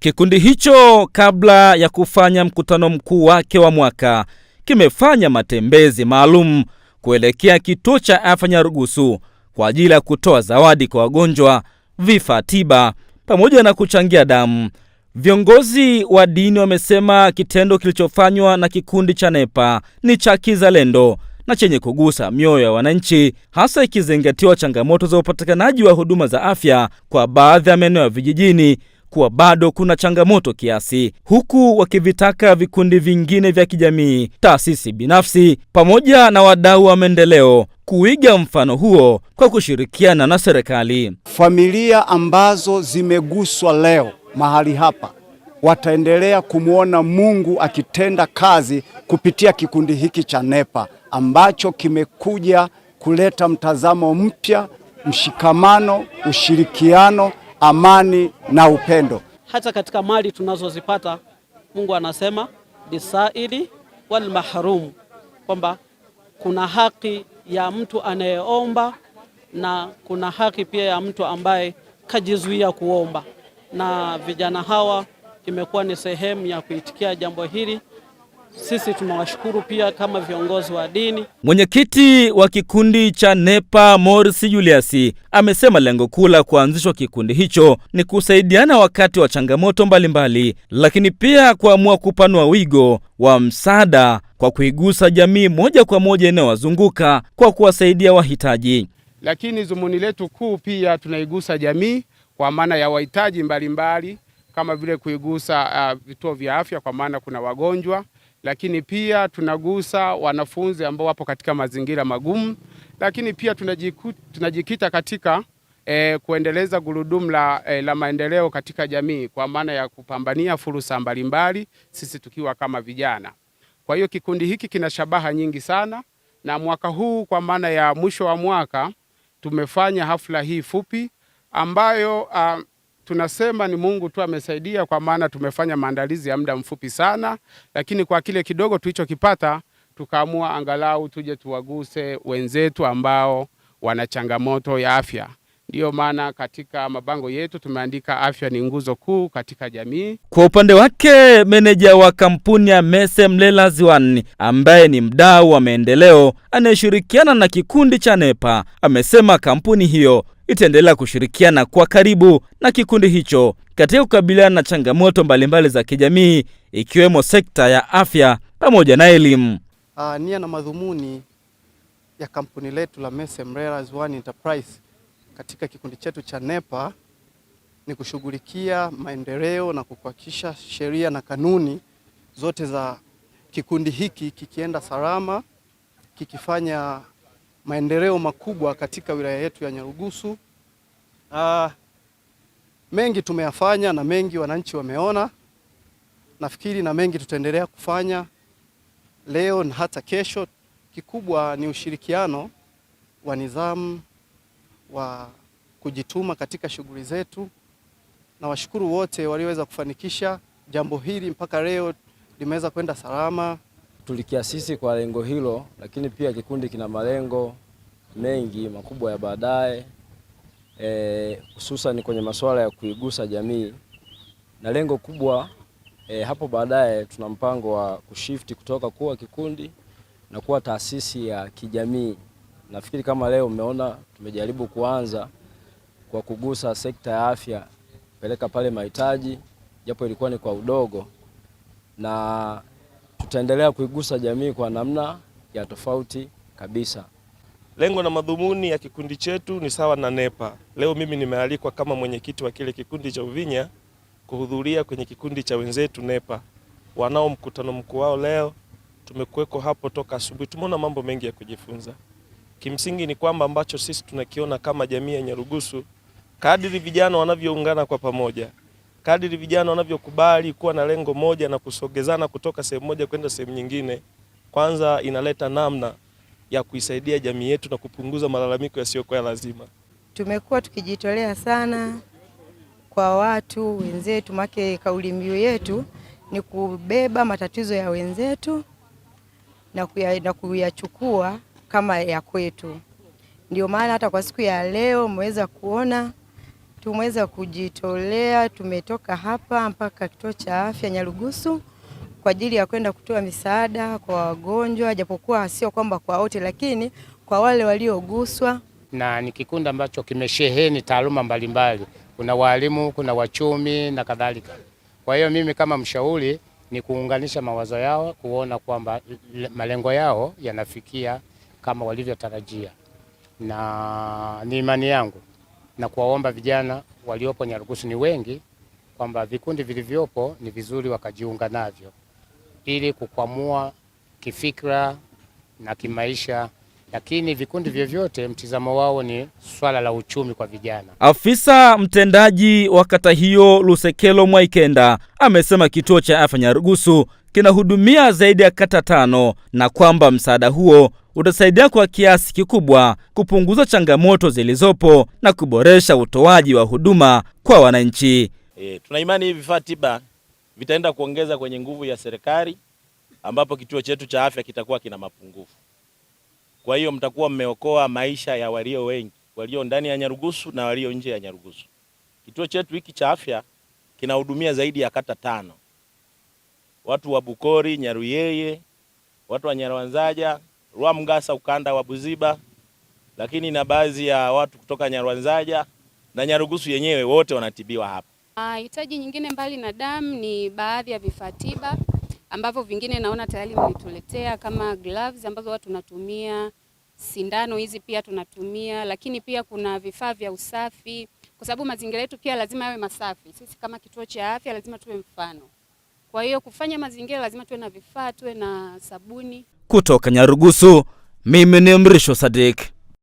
Kikundi hicho kabla ya kufanya mkutano mkuu wake wa mwaka kimefanya matembezi maalum kuelekea kituo cha afya Nyarugusu kwa ajili ya kutoa zawadi kwa wagonjwa, vifaa tiba pamoja na kuchangia damu. Viongozi wa dini wamesema kitendo kilichofanywa na kikundi cha NEPA ni cha kizalendo na chenye kugusa mioyo ya wananchi, hasa ikizingatiwa changamoto za upatikanaji wa huduma za afya kwa baadhi ya maeneo ya vijijini kuwa bado kuna changamoto kiasi, huku wakivitaka vikundi vingine vya kijamii, taasisi binafsi pamoja na wadau wa maendeleo kuiga mfano huo kwa kushirikiana na serikali. Familia ambazo zimeguswa leo mahali hapa wataendelea kumwona Mungu akitenda kazi kupitia kikundi hiki cha NEPA ambacho kimekuja kuleta mtazamo mpya, mshikamano, ushirikiano amani na upendo. Hata katika mali tunazozipata Mungu anasema lisaili wal mahrum, kwamba kuna haki ya mtu anayeomba na kuna haki pia ya mtu ambaye kajizuia kuomba, na vijana hawa imekuwa ni sehemu ya kuitikia jambo hili sisi tunawashukuru pia kama viongozi wa dini. Mwenyekiti wa kikundi cha NEPA Morris Julius amesema lengo kuu la kuanzishwa kikundi hicho ni kusaidiana wakati wa changamoto mbalimbali mbali, lakini pia kuamua kupanua wigo wa msaada kwa kuigusa jamii moja kwa moja inayowazunguka kwa kuwasaidia wahitaji. Lakini zumuni letu kuu pia tunaigusa jamii kwa maana ya wahitaji mbalimbali kama vile kuigusa uh, vituo vya afya kwa maana kuna wagonjwa lakini pia tunagusa wanafunzi ambao wapo katika mazingira magumu, lakini pia tunajiku, tunajikita katika e, kuendeleza gurudumu la, e, la maendeleo katika jamii kwa maana ya kupambania fursa mbalimbali sisi tukiwa kama vijana. Kwa hiyo kikundi hiki kina shabaha nyingi sana, na mwaka huu kwa maana ya mwisho wa mwaka tumefanya hafla hii fupi ambayo uh, tunasema ni Mungu tu amesaidia, kwa maana tumefanya maandalizi ya muda mfupi sana, lakini kwa kile kidogo tulichokipata tukaamua angalau tuje tuwaguse wenzetu ambao wana changamoto ya afya. Ndiyo maana katika mabango yetu tumeandika afya ni nguzo kuu katika jamii. Kwa upande wake, meneja wa kampuni ya Mese Mlela Ziwani ambaye ni mdau wa maendeleo anayeshirikiana na kikundi cha NEPA amesema kampuni hiyo itaendelea kushirikiana kwa karibu na kikundi hicho katika kukabiliana na changamoto mbalimbali za kijamii ikiwemo sekta ya afya pamoja na elimu. Ah, nia na madhumuni ya kampuni letu la Mese Mlela Ziwani Enterprise katika kikundi chetu cha NEPA ni kushughulikia maendeleo na kuhakikisha sheria na kanuni zote za kikundi hiki kikienda salama, kikifanya maendeleo makubwa katika wilaya yetu ya Nyarugusu. Uh, mengi tumeyafanya na mengi wananchi wameona, nafikiri na mengi tutaendelea kufanya leo na hata kesho. Kikubwa ni ushirikiano wa nidhamu wa kujituma katika shughuli zetu, na washukuru wote walioweza kufanikisha jambo hili mpaka leo limeweza kwenda salama. Tulikiasisi kwa lengo hilo, lakini pia kikundi kina malengo mengi makubwa ya baadaye, e, hususan e, kwenye masuala ya kuigusa jamii na lengo kubwa e, hapo baadaye tuna mpango wa kushifti kutoka kuwa kikundi na kuwa taasisi ya kijamii. Nafikiri kama leo umeona tumejaribu kuanza kwa kugusa sekta ya afya, peleka pale mahitaji, japo ilikuwa ni kwa udogo, na tutaendelea kuigusa jamii kwa namna ya tofauti kabisa. Lengo na madhumuni ya kikundi chetu ni sawa na NEPA. Leo mimi nimealikwa kama mwenyekiti wa kile kikundi cha Uvinya kuhudhuria kwenye kikundi cha wenzetu NEPA wanao mkutano mkuu wao leo. Tumekuweko hapo toka asubuhi, tumeona mambo mengi ya kujifunza. Kimsingi ni kwamba ambacho sisi tunakiona kama jamii ya Nyarugusu, kadiri vijana wanavyoungana kwa pamoja, kadiri vijana wanavyokubali kuwa na lengo moja na kusogezana kutoka sehemu moja kwenda sehemu nyingine, kwanza inaleta namna ya kuisaidia jamii yetu na kupunguza malalamiko yasiyokuwa lazima. Tumekuwa tukijitolea sana kwa watu wenzetu, make kauli mbiu yetu ni kubeba matatizo ya wenzetu na kuyachukua kama ya kwetu. Ndio maana hata kwa siku ya leo umeweza kuona tumeweza kujitolea, tumetoka hapa mpaka kituo cha afya Nyarugusu kwa ajili ya kwenda kutoa misaada kwa wagonjwa, japokuwa sio kwamba kwa wote, lakini kwa wale walioguswa. Na ni kikundi ambacho kimesheheni taaluma mbalimbali, kuna walimu, kuna wachumi na kadhalika. Kwa hiyo mimi kama mshauri ni kuunganisha mawazo yao, kuona kwamba malengo yao yanafikia kama walivyotarajia, na ni imani yangu na kuwaomba vijana waliopo Nyarugusu ni wengi kwamba vikundi vilivyopo ni vizuri wakajiunga navyo ili kukwamua kifikra na kimaisha, lakini vikundi vyovyote mtizamo wao ni swala la uchumi kwa vijana. Afisa mtendaji wa kata hiyo Lusekelo Mwaikenda amesema kituo cha afya Nyarugusu kinahudumia zaidi ya kata tano na kwamba msaada huo utasaidia kwa kiasi kikubwa kupunguza changamoto zilizopo na kuboresha utoaji wa huduma kwa wananchi. E, tuna imani hivi vifaa tiba vitaenda kuongeza kwenye nguvu ya serikali ambapo kituo chetu cha afya kitakuwa kina mapungufu. Kwa hiyo mtakuwa mmeokoa maisha ya walio wengi, walio ndani ya Nyarugusu na walio nje ya Nyarugusu. Kituo chetu hiki cha afya kinahudumia zaidi ya kata tano, watu wa Bukori, Nyaruyeye, watu wa Nyarwanzaja, Rwamgasa ukanda wa Buziba, lakini na baadhi ya watu kutoka Nyarwanzaja na Nyarugusu yenyewe wote wanatibiwa hapa. Ah, hitaji nyingine mbali na damu ni baadhi ya vifaa tiba ambavyo vingine naona tayari mlituletea kama gloves ambazo watu tunatumia, sindano hizi pia tunatumia, lakini pia kuna vifaa vya usafi, kwa sababu mazingira yetu pia lazima yawe masafi. Sisi kama kituo cha afya lazima tuwe mfano, kwa hiyo kufanya mazingira lazima tuwe na vifaa, tuwe na sabuni. Kutoka Nyarugusu, mimi ni Mrisho Sadik.